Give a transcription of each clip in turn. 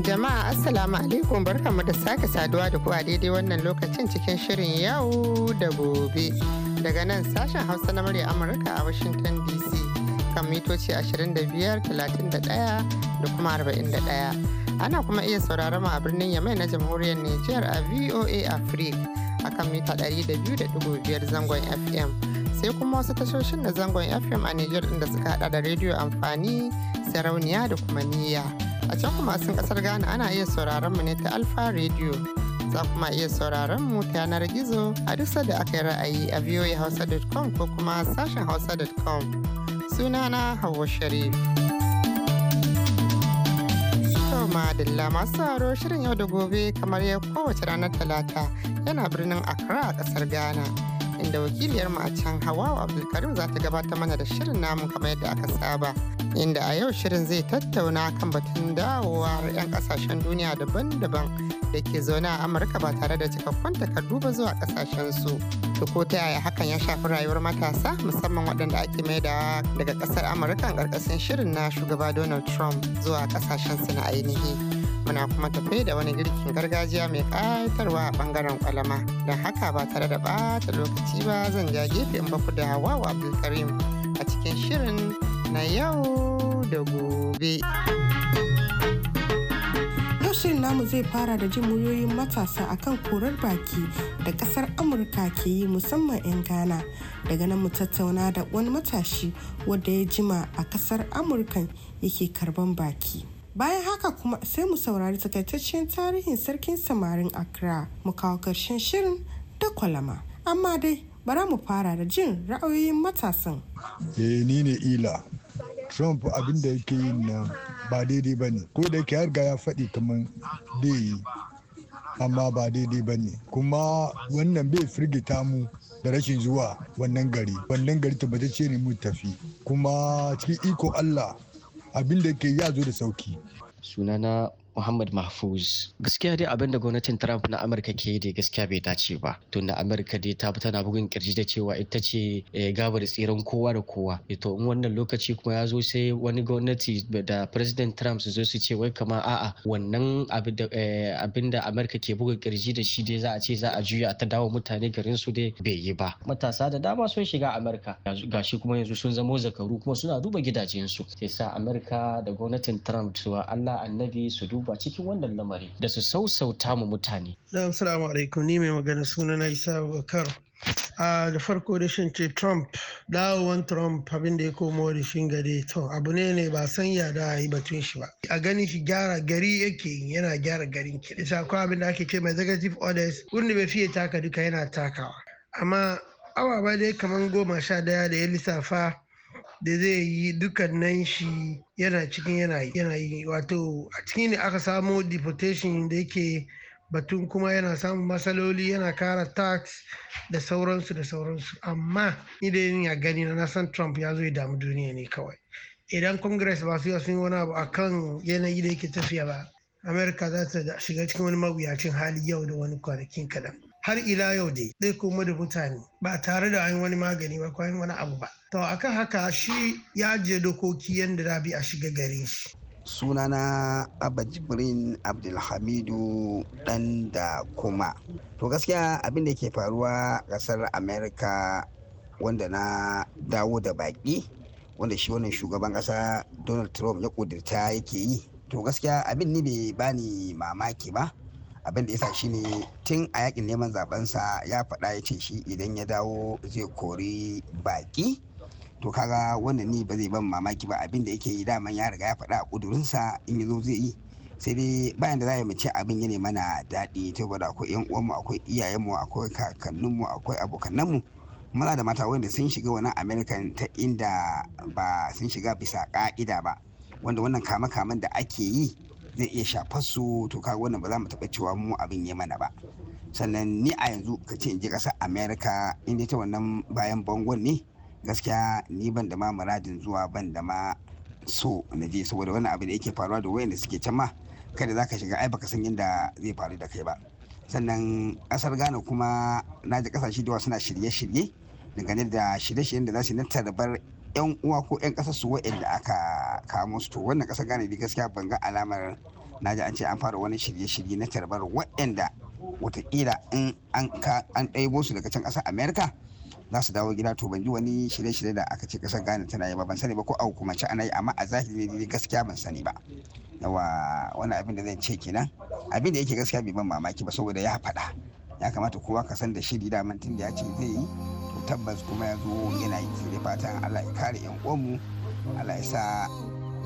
Jama'a Assalamu alaikum mu da sake saduwa da kuwa daidai wannan lokacin cikin shirin yau da gobe. Daga nan sashen Hausa na murya Amurka a Washington DC kan mitoci 25, 31 da kuma 41. Ana kuma iya sauraron a birnin Yamai na Jamhuriyar Nijar a VOA Africa a kan mita 200.5 zangon FM. Sai kuma wasu tashoshin na zangon FM a Nijar inda suka hada da rediyo amfani, sarauniya da kuma niyya. A can kuma sun kasar Ghana ana iya sauraron mu ne ta Alfa Radio. Za kuma iya sauraron mu ta yanar gizo a duk da aka yi ra'ayi a voahausa.com ko kuma sashen hausa.com. Sunana Hauwa Sharif. madalla masu sauraro shirin yau da gobe kamar ya kowace ranar talata yana birnin accra a kasar ghana inda wakiliyar mu a can Hawawa Abdulkarim za ta gabatar mana da shirin namu kamar yadda aka saba. Inda a yau shirin zai tattauna kan batun dawowa 'yan kasashen duniya daban-daban da ke zaune a Amurka ba tare da cikakkun takardu ba zuwa kasashen su. ko ta yaya hakan ya shafi rayuwar matasa musamman waɗanda ake maida daga ƙasar Amurka ƙarƙashin shirin na shugaba Donald Trump zuwa kasashen su na ainihi. muna kuma tafe da wani girkin gargajiya mai ƙayatarwa a ɓangaren kwalama don haka ba tare da ɓata lokaci ba zan ja gefe in baku da hawawa abdulkarim a cikin shirin na yau da gobe yau shirin namu zai fara da jin muryoyin matasa akan korar baki da kasar amurka ke yi musamman 'yan ghana daga nan mu tattauna da wani matashi wadda ya jima a kasar amurka yake karban baki bayan haka kuma sai mu saurari takaitaccen tarihin sarkin samarin accra mu kawo karshen shirin da kwalama amma dai bara mu fara da jin ra'ayoyin matasan e ni ne ila trump abinda yake yi na ba daidai ba ne ko da yake harga ya faɗi kamar dai amma ba daidai ba ne kuma wannan bai firgita mu da rashin zuwa wannan gari wannan gari tabbatacce ne mu tafi kuma cikin iko allah abin da ke ya zo da sauki sunana Muhammad Mahfuz. Gaskiya dai abinda gwamnatin Trump na Amurka ke da gaskiya bai dace ba. Tun da Amurka dai ta tana bugun kirji da cewa ita ce eh, gabar tseren kowa da kowa. Eh, to in wannan lokaci kuma ya zo sai wani gwamnati da President Trump su zo su ce wai kama a'a wannan abin da eh, Amurka ke bugun kirji da shi dai za a ce za a juya ta dawo mutane garin su dai bai yi ba. Matasa da dama sun shiga Amurka. Gashi kuma yanzu sun zamo zakaru kuma suna duba gidajensu. Sai sa Amurka da gwamnatin Trump su Allah annabi su duba cikin wannan lamari da su sausauta mu mutane. Assalamu alaikum ni mai magana suna na Isa Bakar. a ah, da farko da shin ce trump dawowan trump abin da ya komo da shin gare to abu ne ne ba san ya da yi batun shi ba a gani shi gyara gari yake yana gyara garin ki da akwai abin da ake ce mai executive orders wurin bai fiye taka duka yana takawa amma awa ba dai kamar goma sha daya da ya lissafa da zai yi dukkanin shi yana cikin yana yi wato a cikin ne aka samo deportation da yake batun kuma yana samun matsaloli yana kara tax da sauransu da sauransu amma idan ya gani na san trump ya zo ya damu duniya ne kawai idan congress ba su yi wani abu a kan yanayi da yake tafiya ba america za ta shiga cikin wani mawuyacin hali yau da wani kwanakin kadan har ila yau dai ɗai kuma da mutane ba tare da an wani magani ba ko wani abu ba to akan haka shi ya je dokoki yadda za bi a shiga gare shi sunana abba jibrin abdulhamidu dan da kuma to gaskiya abin da ke faruwa kasar america wanda na dawo da baƙi wanda shi wannan shugaban kasa donald trump ya kudirta yake yi to gaskiya abin ni bai bani mamaki ba abin da ya sa shi ne tun a yakin neman sa ya faɗa ya ce shi idan ya dawo zai kori baki to kaga wannan ni ba zai ban mamaki ba abin da yake yi daman ya riga ya faɗa a kudurinsa in yi zo zai yi sai dai bayan da za mu ce abin ya ne mana daɗi ta gwada akwai yan uwanmu akwai iyayenmu akwai kakanninmu akwai abokananmu maza da mata wanda sun shiga wannan american ta inda ba sun shiga bisa ka'ida ba wanda wannan kama-kaman da ake yi zai iya shafar su to ka wannan ba za mu taɓa cewa mu abin ya mana ba sannan ni a yanzu ka ce in je ƙasar Amerika in ta wannan bayan bangon ne gaskiya ni ban da ma muradin zuwa ban da ma so na je saboda wannan abin da yake faruwa da wayanda suke can ma kada za ka shiga ai baka san yadda zai faru da kai ba sannan ƙasar ghana kuma na ji ƙasashe da suna shirye-shirye dangane da shirye-shiryen da za su yi na tarbar yan uwa ko yan ƙasa su waɗanda aka kamo su to wannan kasa gane da gaskiya ban ga alamar na ji an ce an fara wani shirye-shirye na tarbar waɗanda watakila in an ɗaibo su daga can ƙasar amerika za su dawo gida to ban ji wani shirye-shirye da aka ce ƙasar gane tana yi ba ban sani ba ko a hukumance ana yi amma a zahiri ne gaskiya ban sani ba yawa wani abin da zan ce kenan abin da yake gaskiya bai ban mamaki ba saboda ya faɗa ya kamata kowa ka san da shiri da mantin da ya ce zai yi tabbas kuma ya zo yana yi sai fatan allah ya kare yan uwanmu allah ya sa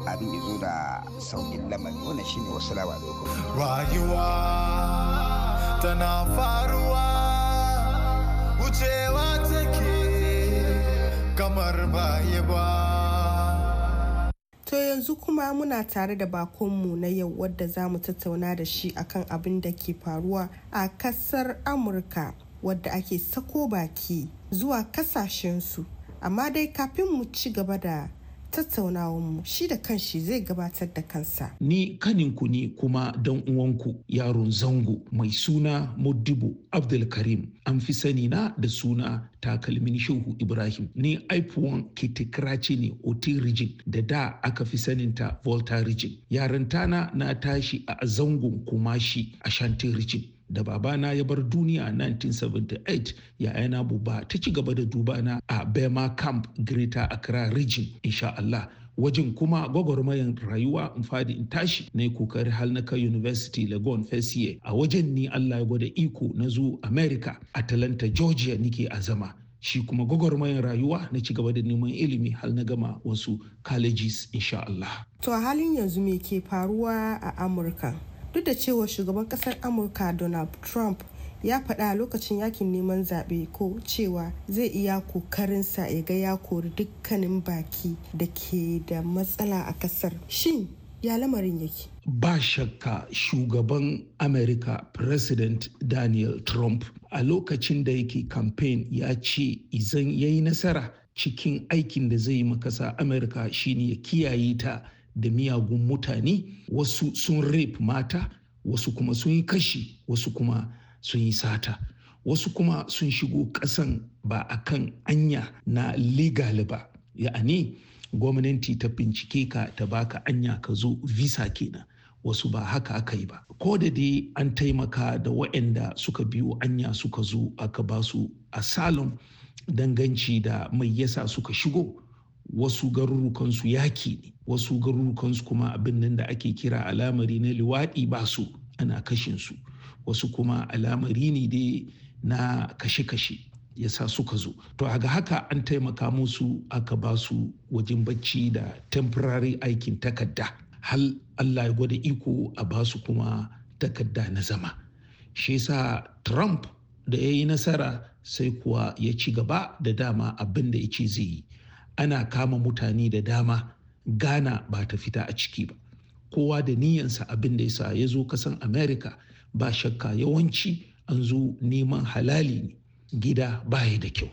abin ya zo da sauƙin lamari wannan shine wasu lawa rayuwa tana faruwa wucewa take kamar baye ba To yanzu kuma muna tare da bakonmu na yau wadda za mu tattauna da shi akan abin da ke faruwa a kasar Amurka wadda ake sako baki zuwa kasashensu amma dai kafin mu ci gaba da mu shi da kanshi zai gabatar da kansa. Ni kaninku ne kuma dan uwanku yaron zango mai suna Modibo Abdulkarim an fi sani na da suna takalmin Shehu Ibrahim. Ni aifuwan Kitikiraci ne Oti Rijin da da aka fi saninta Volta Rijin. tana na tashi a zangon Kumashi a Shanti Rijin. da babana ya bar duniya 1978 yayana buba ta ci gaba da dubana a bema camp greater accra region insha Allah wajen kuma gwagwarmayar rayuwa in fadi in tashi na yi kokari hal na kai university lagon fesiye a wajen ni allah ya gwada iko na zo america atalanta georgia nike a zama shi kuma gwagwarmayar rayuwa na ci gaba da neman ilimi hal na gama wasu colleges insha allah to a halin yanzu me ke faruwa a amurka duk da cewa shugaban kasar amurka donald trump ya faɗa lokacin yakin neman zaɓe ko cewa zai iya kokarinsa ya ga ya kori dukkanin baki da ke da matsala a kasar shin ya lamarin yake ba shakka shugaban america president daniel trump a lokacin da yake campaign ya ce izan ya yi nasara cikin aikin da zai yi makasa amurka shine ya kiyaye ta da miyagun mutane wasu sun rape mata wasu kuma sun yi kashi wasu kuma sun yi sata wasu kuma sun shigo ƙasan ba a kan anya na legal ba ya'ani gwamnati ta bincike ka ta baka anya ka zo visa kenan wasu ba haka aka yi ba ko da dai an taimaka da waɗanda suka biyo anya suka zo aka basu su asalin danganci da mai yasa suka shigo wasu garurukansu yaki ne wasu garurukansu kuma abin nan da ake kira alamari na liwaɗi ba su ana kashin su wasu kuma alamari ne da na kashe-kashe ya sa suka zo to ga haka an taimaka musu aka ba su wajen bacci da temporary aikin takarda hal allah ya gwada iko a ba su kuma takarda na zama shi sa trump da ya yi nasara sai kuwa ya ci gaba da dama abin da ya ce zai yi ana kama mutane da dama gana ba ta fita a ciki ba kowa da niyyansa abin da yasa ya zo kasan america ba shakka yawanci an zo neman halali ne gida baya da kyau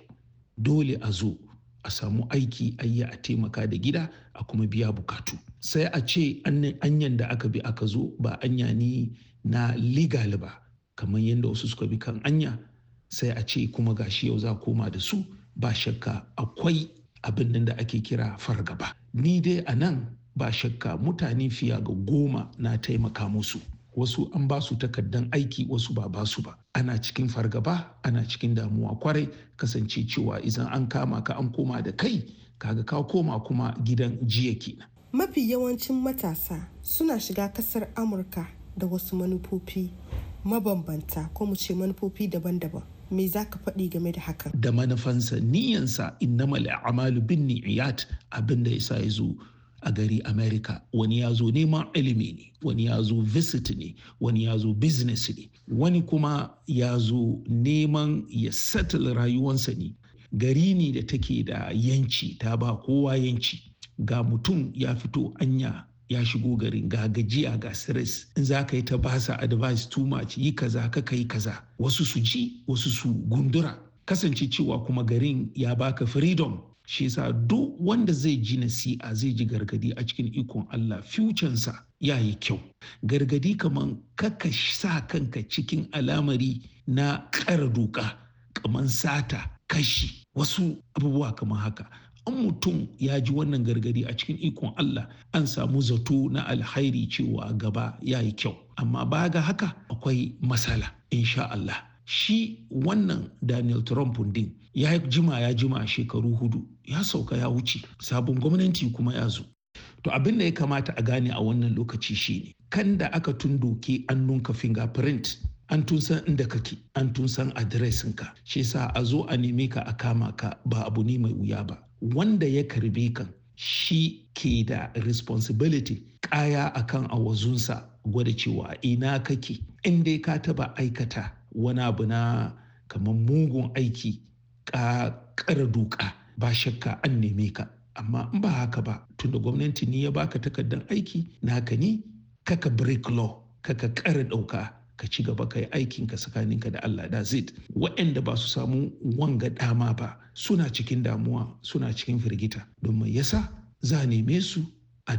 dole a zo a samu aiki a a taimaka da gida a kuma biya bukatu sai a ce anyan da aka bi aka zo ba anya ne na legal ba kamar yadda wasu suka bi kan anya sai a ce kuma gashi yau za koma da su ba shakka akwai abin nan da ake kira fargaba ni dai a nan ba shakka mutane fiya ga goma na taimaka musu wasu an ba su takardan aiki wasu ba ba su ba ana cikin fargaba ana cikin damuwa kwarai kasance cewa idan an kama ka an koma da kai kaga ka koma kuma gidan jiya kenan mafi yawancin matasa suna shiga kasar amurka da wasu manufofi mabambanta ko mu ce manufofi daban-daban me za ka faɗi game da hakan da manufansa niyansa innamal a'malu bin ni'iyat abin da yasa ya zo a gari Amerika, wani ya zo neman ilimi ne wani ya zo visit ne wani ya zo business ne wani kuma ya zo neman ya settle rayuwansa ne gari ne da take da yanci ta ba kowa yanci ga mutum ya fito anya ya shigo garin ga gajiya ga stress in za ka yi ta basa advice too much yi kaza ka kai kaza wasu su ji wasu su gundura kasance cewa kuma garin ya baka freedom shi yasa duk wanda zai ji nasi'a zai ji gargadi a cikin ikon Allah sa ya yi kyau gargadi kaman kaka sa kanka cikin alamari na kara doka kaman sata kashi wasu abubuwa kamar haka an mutum ya ji wannan gargadi a cikin ikon Allah an samu zato na alhairi cewa gaba ya yi kyau amma ba ga haka akwai masala insha Allah shi wannan Daniel Trump din ya jima ya jima shekaru hudu ya sauka ya wuce sabon gwamnati kuma ya zo to abin da ya kamata a gane a wannan lokaci shine kan da aka tundoke annunka fingerprint an tun san inda kake an tun san adiresinka shi sa a zo a neme ka a kama ka ba abu ne mai wuya ba wanda ya karbe kan shi ke da responsibility kaya akan awazunsa gwada cewa ina kake in dai ka taba aikata wani abu na kamar mugun aiki ka kara doka ba shakka an neme ka amma in ba haka ba tunda gwamnati ni ya baka takardar aiki naka ne kaka break law kaka kara dauka ka ci gaba ka yi aikin ka tsakaninka da Allah da zid waɗanda ba su samu wanga dama ba suna cikin damuwa suna cikin firgita don mai yasa za a neme su a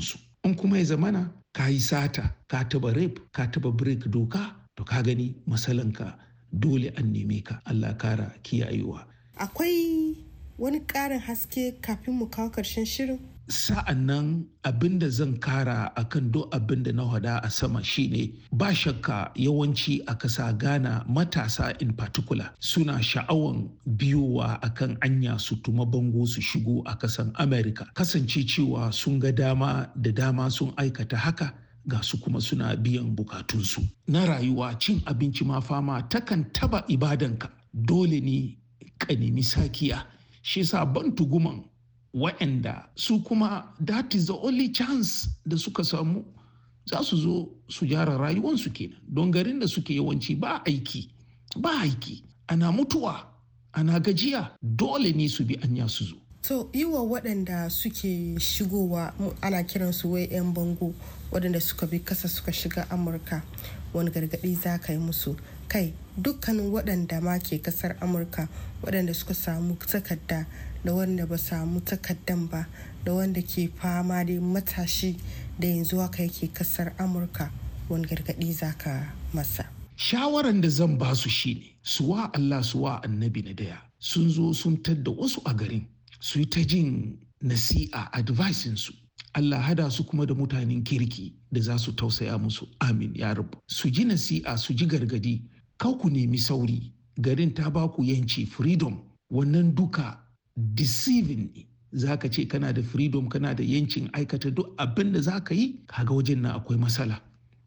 su in kuma ya zamana ka yi sata ka taba rape ka taba break doka to ka gani masalanka dole an neme ka Allah kara kiyayewa akwai wani ƙarin haske kafin mu kawo karshen shirin sa'an nan abin da zan kara a kan duk abin da na hada a sama shine ba shakka yawanci a kasa ghana matasa in particular suna sha'awan biyowa a kan anya su tuma bango su shigo a kasan amerika kasance cewa sun ga dama da dama sun aikata haka ga su kuma suna biyan bukatunsu na rayuwa cin abinci ma fama takan taba ibadanka dole ne ka nemi sakiya shi sa ban tuguman waɗanda su kuma that is the only chance da suka samu za su zo su gyara rayuwansu kenan don garin da suke yawanci ba aiki ba aiki ana mutuwa ana gajiya dole ne su bi anya su zo to yi wa waɗanda suke shigowa ana kiransu wai 'yan bango waɗanda suka bi kasa suka shiga amurka wani gargaɗi za ka yi musu kai dukkanin waɗanda ma ke kasar amurka waɗanda suka samu takarda da wanda ba samu takardan ba da wanda ke fama da matashi da yanzu haka yake kasar amurka wani gargadi za ka masa shawaran da zan ba su shine suwa allah suwa annabi na daya sun zo sun tadda wasu a garin su yi ta jin nasi'a advisinsu Allah hada su kuma da mutanen kirki da za su tausaya musu amin ya rabu su ji nasi'a su ji gargadi kau ku nemi sauri garin ta ba ku yanci freedom wannan duka deceivingly ka ce kana da freedom kana da yancin aikata duk abin da za ka yi kaga wajen nan akwai matsala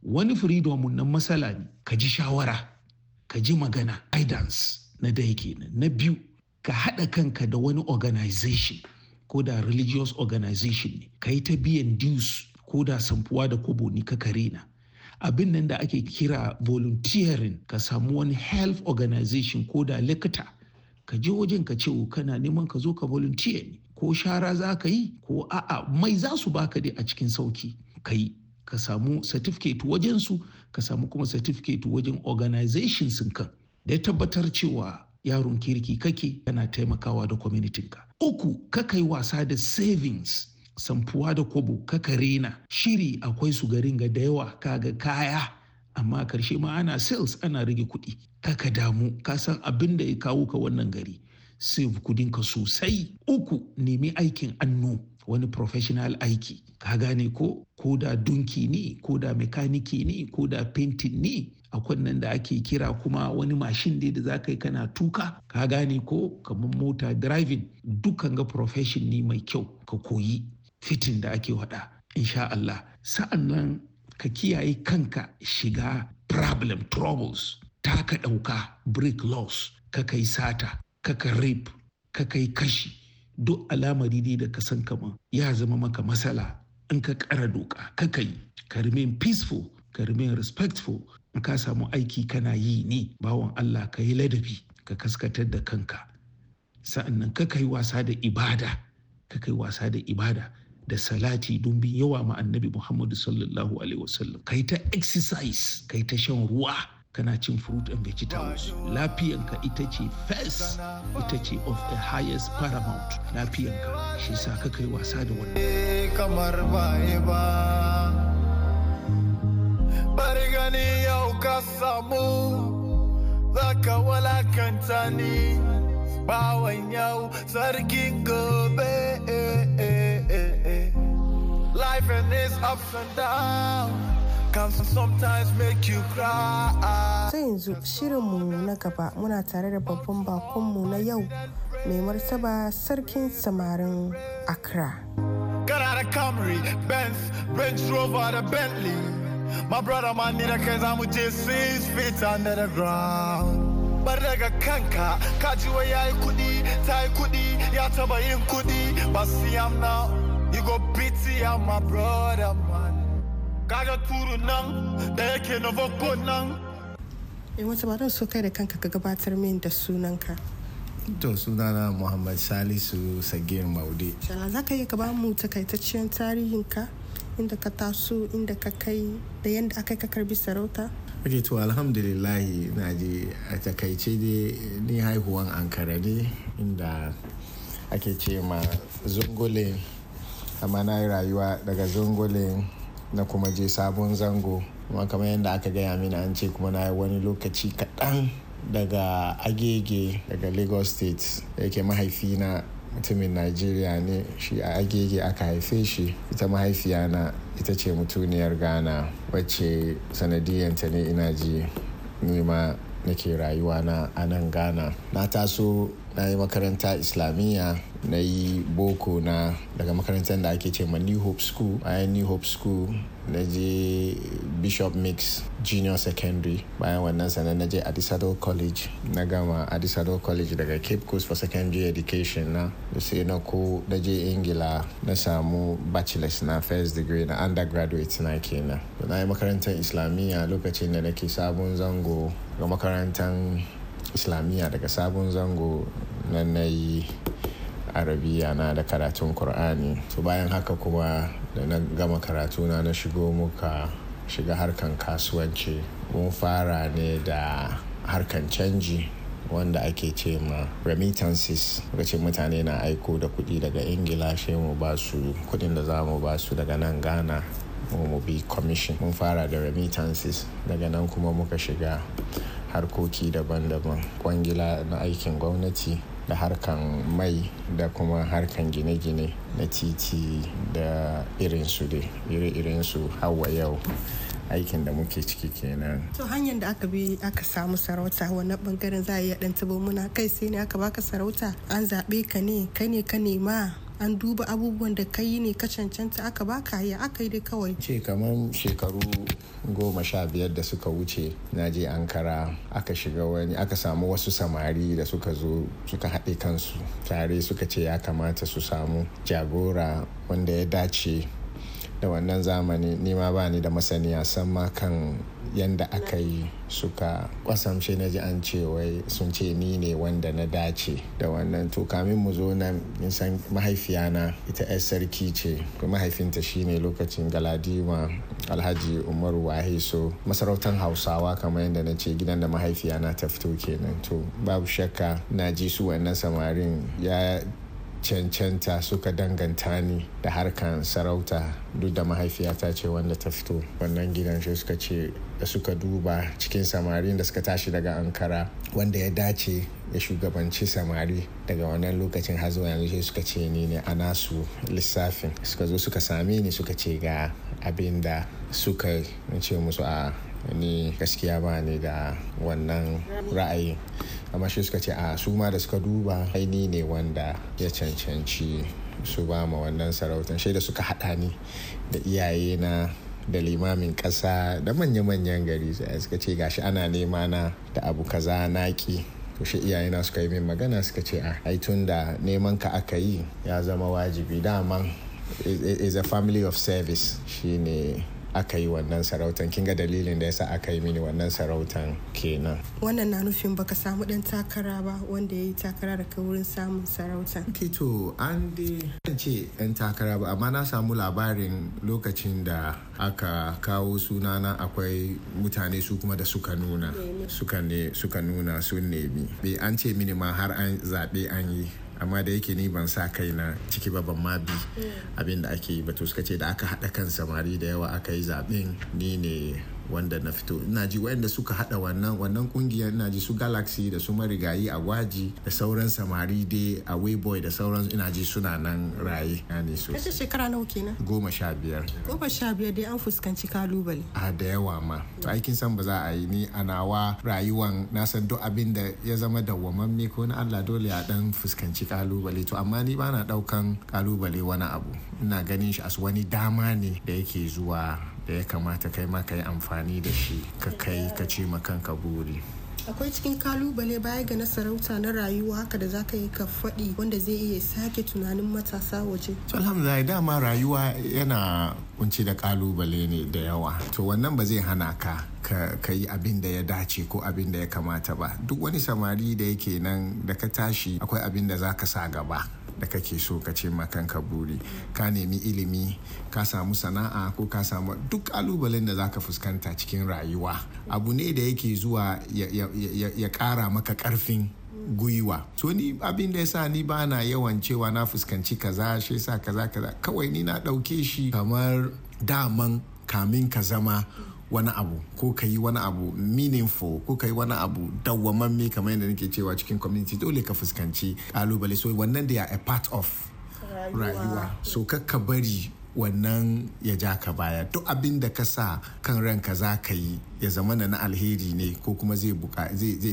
wani freedom nan matsala ne ka ji shawara ka ji magana guidance na dai kenan na biyu ka haɗa kanka da wani organization ko da religious organization ne ka yi ta biyan dues ko da samfuwa da kobo ne ka na. abin nan da ake kira volunteering ka samu wani health organization ko da likita ka je wajen ka ce oh, kana neman ka zo ka volunteer ne ko shara za ka yi ko a'a mai za su baka dai a cikin sauki ka yi ka samu certificate wajen su ka samu kuma certificate wajen organization sun kan da tabbatar cewa yaron kirki kake kana taimakawa da ka Uku, kakai wasa da savings, samfuwa da kobo, kaka rena, shiri akwai su garin ga da yawa kaga kaya amma karshe ma ana sales ana rage kuɗi kaka damu ka san abin da ya kawo ka wannan gari save ka sosai uku nemi aikin annu wani professional aiki ka gane ko ko da dunki ne ko da mekaniki ne ko da fentin ne akwai nan da ake kira kuma wani mashin ne da zaka yi kana tuka ka gane ko kamar mota driving dukan ga profession ne mai kyau ka koyi fitin da ake wada insha Allah sa'an nan ka kiyaye kanka shiga problem troubles ka ɗauka break laws ka kai sata ka ka rape ka kai kashi duk alamari ne da ka san kama ya zama maka matsala in ka kara doka ka kai ka remain peaceful ka remain respectful in ka samu aiki kana yi ne bawan Allah ka yi ladabi ka kaskatar da kanka sa'annan ka kai wasa da ibada ka kai wasa da ibada da salati dumbin yawa ma annabi muhammadu sallallahu alaihi wasallam kai ta exercise kai ta shan ruwa kana cin fruit and vegetables lafiyanka ita ce first ita ce of the highest paramount lafiyanka shi sa ka kai wasa da wannan kamar baya ba bari gani yau ka samu zaka walakanta ni bawan yau sarkin gobe eh living is ups and downs. Comes and sometimes make you cry. Ta yanzu shirinmu na gaba muna tare da babban bakonmu na yau mai martaba sarkin samarin Accra. Got out Camry, Benz, Range Rover da Bentley. My brother man need a cause I'm just six feet under the ground. bar daga kanka kajiwa ya yi kudi ta yi kudi ya taba yin kudi ba siyam na you go be Najeriya my brother man kaga turu nan da yake na boko nan eh wata ba su so kai da kanka ka gabatar min da sunanka to sunana muhammad salisu sagir maude shala za ka iya ka ba mu takaitaccen tarihinka inda ka taso inda ka kai da yadda aka ka karbi sarauta ok to alhamdulillahi na ji a takaice dai ni haihuwan ankara ne inda ake ce ma zungole amma na yi rayuwa daga zungule na kuma je sabon zango kuma kamar yadda aka gaya mini an ce kuma na yi wani lokaci kaɗan daga agege daga lagos state da yake na mutumin nigeria ne shi a agege aka haife shi ita mahaifiyana ita ce mutuniyar ghana wacce sanadiyanta ne ina ji nima nake rayuwa na anan ghana na taso na yi makaranta islamiyya na yi boko na daga makarantar da ake ce ma new hope school bayan new hope school na je bishop mix junior secondary bayan wannan sannan na je addisado college na gama addisado college daga cape coast for secondary education na da sai na ko na je ingila na samu bachelor's na first degree na undergraduate na kenan na yi makarantar islamiyya lokacin da nake sabon zango ga makarantar islamiyya daga sabon zango nan na yi arabiya na da karatun kur'ani to bayan haka kuma da na gama karatuna na shigo muka shiga harkan kasuwanci mun fara ne da harkan canji wanda ake ce ma remittances lokacin mutane na aiko da kuɗi daga ingila shi mu ba su kuɗin da za mu ba su daga nan ghana mu bi commission mun fara da remittances daga nan kuma muka shiga harkoki daban-daban kwangila na aikin gwamnati da harkan mai da kuma harkan gine-gine na titi da irinsu dai ire-irensu hawa yau aikin da muke ciki kenan. To hanyar da aka bi aka samu sarauta wannan bangaren za a iya dan tabo muna kai sai ne aka baka sarauta an zaɓe ka ne ka ne ka nema an duba abubuwan da ka yi ne ka cancanta aka ka yi aka yi dai kawai ce kamar shekaru goma sha biyar da suka wuce na je ankara aka shiga wani aka samu wasu samari da suka zo suka haɗe kansu tare suka ce ya kamata su samu jagora wanda ya dace da wannan zamani nima ba ni da masaniya san ma kan yadda aka yi suka kwasamshe na ji an ce wai sun ce ni ne wanda na dace da wannan to kamin mu zo nan san mahaifiyana ita 'yar sarki ce mahaifinta shine lokacin galadima alhaji umaru waheso masarautar hausawa kamar yadda na ce gidan da mahaifiyana ta fito kenan to babu shakka na ji su wannan samarin ya cancanta suka danganta ni da harkar sarauta duk da mahaifiyata ce wanda ta fito wannan gidan shi suka ce da suka duba cikin samari da suka tashi daga ankara wanda ya dace ya shugabanci samari daga wannan lokacin har zuwa yanzu shi suka ce ni ne a nasu lissafin suka zo suka sami ni suka ce ga abin da suka ce musu a ni gaskiya ba ni da wannan ra'ayi amma shi suka ce a su ma da suka duba aini ne wanda ya cancanci su ba ma wannan sarautan shaida suka haɗa ni da iyaye na da limamin ƙasa da manya-manyan gari suka ce gashi ana nema na da abu kaza naki to shi iyayena suka yi min magana suka ce a ai tun da neman ka aka yi ya zama wajibi dama is a family of service shine aka yi wannan sarautan ga dalilin da yasa aka yi mini wannan sarautan kenan wannan na nufin baka samu dan takara ba wanda ya yi takara da ka wurin samun sarautan kito an dai ce dan takara ba amma na samu labarin lokacin da aka kawo sunana akwai mutane su kuma da suka nuna suka nuna sun nemi an ce mini ma har an zaɓe an yi amma da yake ni ban sa kai na ciki ba ban ma bi mm. abin da ake yi ba to suka ce da aka haɗa kan samari da yawa aka yi zaɓen ni ne wanda na fito ina ji wayanda suka haɗa wannan wannan kungiyar ina ji su galaxy da su marigayi a gwaji da sauran samari dai a wayboy da sauran ina ji suna nan raye yani so kace shekara nawa kenan goma sha biyar goma sha biyar dai an fuskanci kalubale a da yawa ma to aikin san ba za a yi ni a nawa rayuwan na san duk abin da ya zama dawwamamme ko na Allah dole a dan fuskanci kalubale to amma ni bana daukan kalubale wani abu ina ganin shi as wani dama ne da yake zuwa da ya kamata kai ma ka yi amfani da shi ka kai ka ci kanka buri akwai cikin kalubale baya ga na sarauta na rayuwa haka da zaka yi ka faɗi wanda zai iya sake tunanin matasa waje alhamdulillah dama rayuwa yana kunci da kalubale ne da yawa to wannan ba zai hana ka ka yi abin da ya dace ko abin da ya kamata ba duk wani samari da yake nan da ka tashi akwai abin da za ka sa gaba da kake so ka ce kanka buri ka nemi ilimi ka samu sana'a ko ka samu duk kalubalen da zaka fuskanta cikin rayuwa abu ne da yake zuwa ya kara maka karfin gwiwa so ni abin da ya sa ni ba na yawan cewa na fuskanci kaza shi sa kaza kaza kawai ni na dauke shi kamar daman kamin ka zama wani abu ko ka yi wani abu meaningful ko ka yi wani abu dawwamamme kamar yadda nake cewa cikin community dole ka fuskanci kalubale so wannan da ya a part of rayuwa so ka bari wannan ya ja ka baya duk abin da ka sa kan ranka za ka yi ya zama na alheri ne ko kuma zai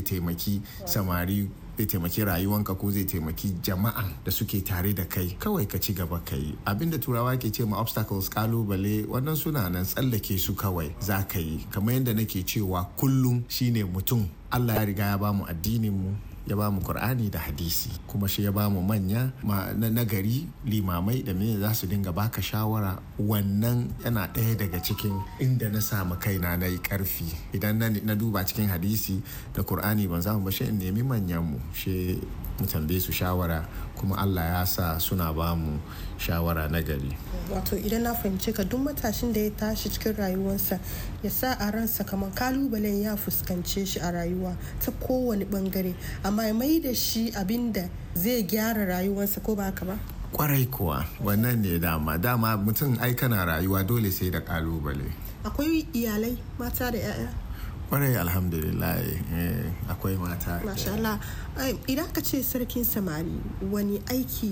taimaki samari zai taimaki rayuwanka ko zai taimaki jama'a da suke tare da kai kawai ka ci gaba ka yi abinda turawa ke ce ma obstacles kalubale wannan suna nan tsallake su kawai za ka yi kamar yadda nake cewa kullum shine mutum Allah ya riga ya bamu addinin mu ya ba mu Qur'ani da hadisi kuma shi ya ba mu manya na gari limamai da me za su dinga baka shawara wannan yana ɗaya daga cikin inda na samu kaina na yi karfi idan na duba cikin hadisi da kur'ani ban za mu ba shi in nemi manyan mu shi mu tambaye su shawara kuma allah ya sa suna ba mu shawara na gari wato idan na fahimci ka duk matashin da ya tashi cikin rayuwarsa ya sa a ransa kamar kalubalen ya fuskance shi a rayuwa ta kowane bangare amma ya mai da shi abin da zai gyara rayuwarsa ko ba ka ba kwarai kuwa wannan ne dama dama mutum aikana rayuwa dole sai da kalubale akwai iyalai mata da 'ya'ya kwarai alhamdulillah eh, akwai mata idan ka ce sarkin samari wani aiki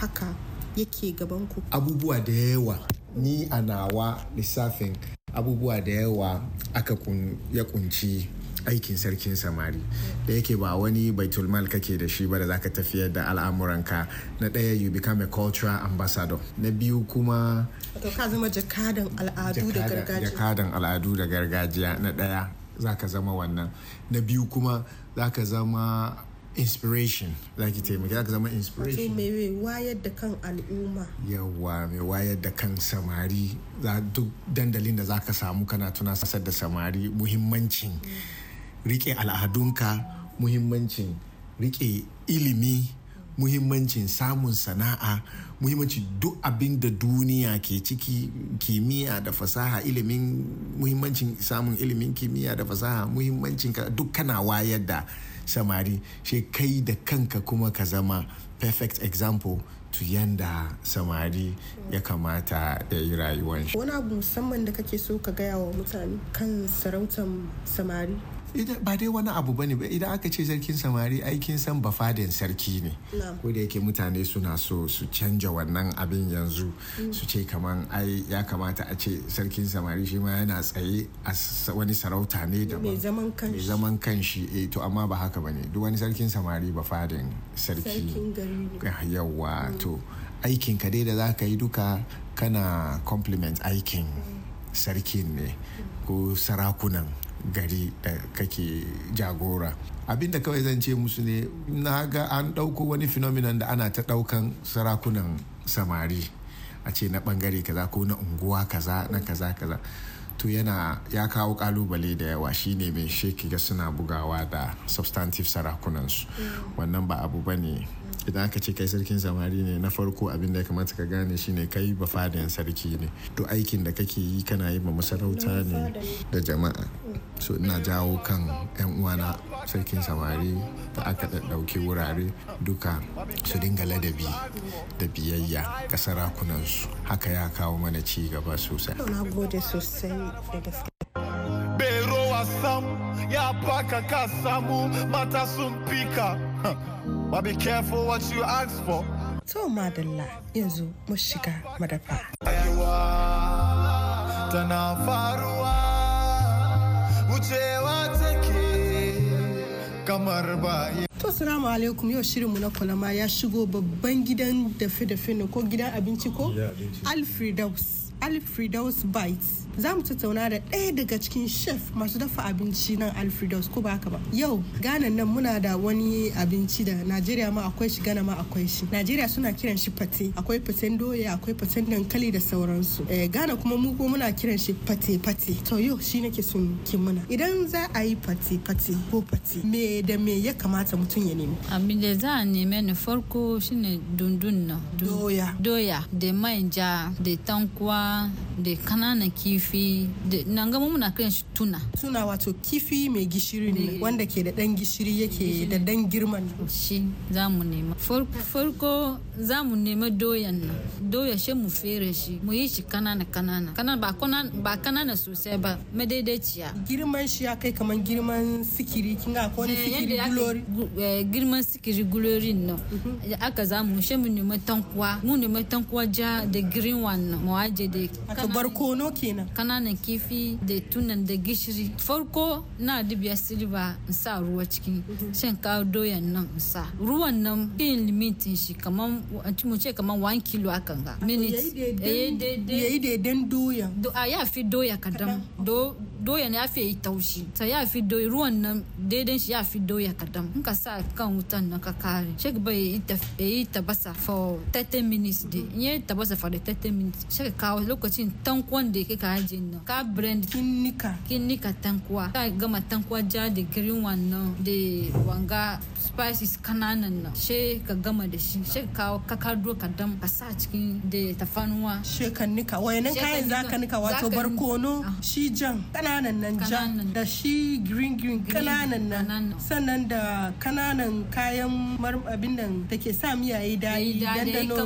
haka yake gaban ku abubuwa da yawa ni a nawa lissafin abubuwa da yawa aka ya kunci aikin sarkin samari da yake ba wani baitulmal kake da shi ba da zaka tafiyar da al'amuranka na ɗaya you become a cultural ambassador na biyu kuma to ka zama jakadan al'adu da gargajiya al'adu da gargajiya na ɗaya za ka zama wannan na biyu kuma za ka zama inspiration za ki taimaki za ka zama inspiration wato mai wayar da kan al'umma yawa mai wayar da kan samari za duk dandalin da za ka samu kana tuna sasar da samari muhimmancin rike al'adunka muhimmancin rike ilimi muhimmancin samun sana'a muhimmancin duk abin da duniya ke ciki kimiyya da fasaha ilimin muhimmancin samun ilimin kimiyya da fasaha muhimmancin duk kana wayar da samari shi kai da kanka kuma ka zama perfect example to yanda samari ya kamata ya yi rayuwar wani abu musamman da kake so ka gaya wa mutane kan sarautar samari ba dai wani abu bane ba idan aka ce sarkin samari aikin san bafadin sarki ne ko da yake mutane suna so su canja wannan abin yanzu mm. su ce kaman ai ya kamata a ce sarkin samari shi ma yana tsaye a wani sarauta ne da mai zaman kanshi eh to amma ba haka bane duk wani sarkin samari bafadin sarki eh, yawa mm. to aikin ka dai da za ka yi duka kana compliment aikin mm. sarkin ne ko sarakunan gari da eh, kake jagora abinda kawai zan ce musu ne na ga an ɗauko wani phenomenon da ana ta ɗaukan sarakunan samari a ce na bangare kaza ko na unguwa kaza na kaza kaza to yana ya kawo kalubale da yawa shine mai shekiga suna bugawa da substantive sarakunansu mm. wannan ba abu bane idan aka ce kai sarkin samari ne na farko abin da ya kamata ka gane shine kai ba fadin sarki ne to aikin da kake yi kana yi ba masarauta ne da jama'a so ina jawo kan 'yan uwana sarkin samari da aka ɗauki wurare duka su dinga ladabi da biyayya ga sarakunansu haka ya kawo mana ci gaba sosai. Na gode sosai da gaske. ya baka ka samu mata sun fika but be careful what you ask for to madalla yanzu mu shiga madafa tana faruwa wucewa take kamar bayan To salamu alaikum yau shirinmu na kwalama ya shigo babban gidan dafe-dafe ko gidan abinci ko? Alfredaus. alfredos bites za mu tattauna da ɗaya daga cikin chef masu dafa abinci nan alfredos ko ba haka ba yau ganan nan muna da wani abinci da najeriya ma akwai shi gana ma akwai shi najeriya suna kiran shi fate akwai faten doya akwai faten dankali da sauransu eh, gana kuma mu ko muna kiran shi fate fate to yau shi nake son ki muna idan za a yi fate fate ko fate me da me ya kamata mutum ya nemi abin da za a neme ni farko shine dundun nan doya doya da manja da tankuwa da kananan kifi na nan gama muna kiran shi tuna tuna wato kifi mai gishiri ne wanda ke da dan gishiri yake da dan girman shi za mu nema farko za mu nema doyan nan doya shi mu fere shi mu yi shi kanana kanana kanana ba kanana sosai ba madaidaiciya girman shi ya kai kamar girman sikiri kin ga akwai eh, sikiri gulori eh, girman sikiri gulori nan mhm. aka za mu shi mu nema tankuwa mu nema tankuwa ja da girin one mu aje da da barkono kenan kananan kifi da tunan da gishiri farko na dibiya silba in sa ruwa cikin. shan kawo doyan nan in sa ruwan nan yin limitin shi kaman mu ce kaman 1 kilo akan ga minute yayi daidan eh, doya a ya fi doya kadan do doya ne ya fi yi taushi ta ya fi doya ruwan nan daidan shi ya fi doya kadan in ka sa kan wutan na ka kare shek bai yi tabasa for 30 minutes dai in yi tabasa for 30 minutes shek kawo lokacin tankwan da kika hajin nan ka brand kinnika kinnika kin nika tankwa ka gama tankwa ja da green wannan da wanga spices kananan nan she ka gama da shi she ka kawo ka kado ka dam ka sa cikin da tafanuwa she ka nika wayannan kayan zaka nika wato barkono ah. shi jan kananan nan jan da shi green green kananan nan sannan da kananan kayan abin nan take sa miya yayi dandano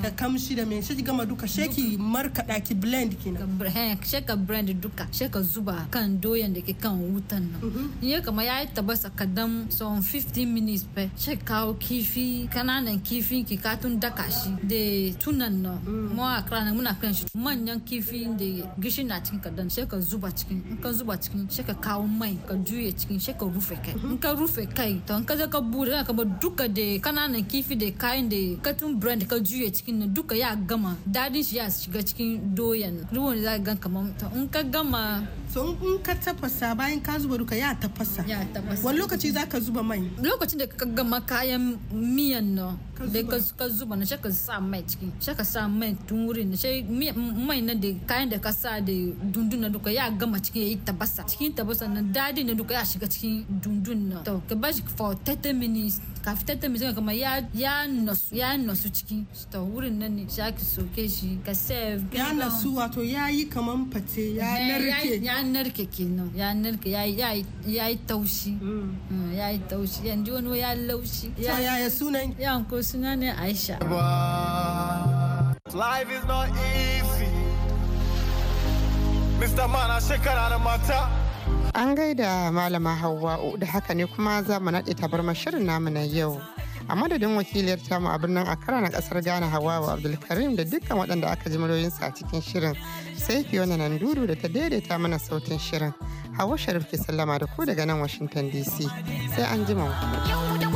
da kamshi da me shi gama duka sheki marka kada ki blend kenan eh, she ka blend duka sheka ka zuba kan doyan da ke kan wutan nan mhm. in ya kama yayi tabasa kadan son 15 minutes pe sheka kawo kifi kananan kifi ki ka tun daka shi da tunan nan mo mhm. a nan muna kan shi manyan kifi da gishi na cikin kadan she ka zuba cikin in ka zuba cikin sheka ka kawo mai ka juye cikin sheka ka rufe kai mhm. in ka rufe kai to in ka je ka bude ka ba duka da kananan kifi da kayan da katun brand ka juye cikin nan duka ya gama dadin shi ya shiga cikin doyan ruwan za gan kamar in ka gama so in ka tafasa bayan ka zuba duka ya tafasa ya tafasa wani lokaci za ka zuba mai lokacin da ka gama kayan miyan na da ka zuba na shaka sa mai ciki shaka sa mai tun wuri na shai mai na da kayan da ka sa da dundun na duka ya gama ciki ya yi tabasa cikin tabasa na dadi na duka ya shiga cikin dundun na to ka bashi for 30 minutes kafin 30 minutes kama ya ya nasu ya nasu ciki to wurin nan ne shaki soke shi ka serve ya nasu wato ya yi kaman fate ya narke eh, an narke kenan ya narke ya yi taushi ya yi taushi yanzu wani ya laushi ya ya sunan ya ko suna ne aisha life is not easy mr mana shekara na mata an gaida malama hawa'u da haka ne kuma za mu naɗe tabarmar shirin namu na yau a madadin wakiliyar tamu a birnin akara na kasar ghana hawawa abdulkarim da dukkan waɗanda aka ji muryoyinsu a cikin shirin sai fiona nan duru da ta daidaita mana sautin shirin hawa sharif ke sallama da ku daga nan washington dc sai an jima ku.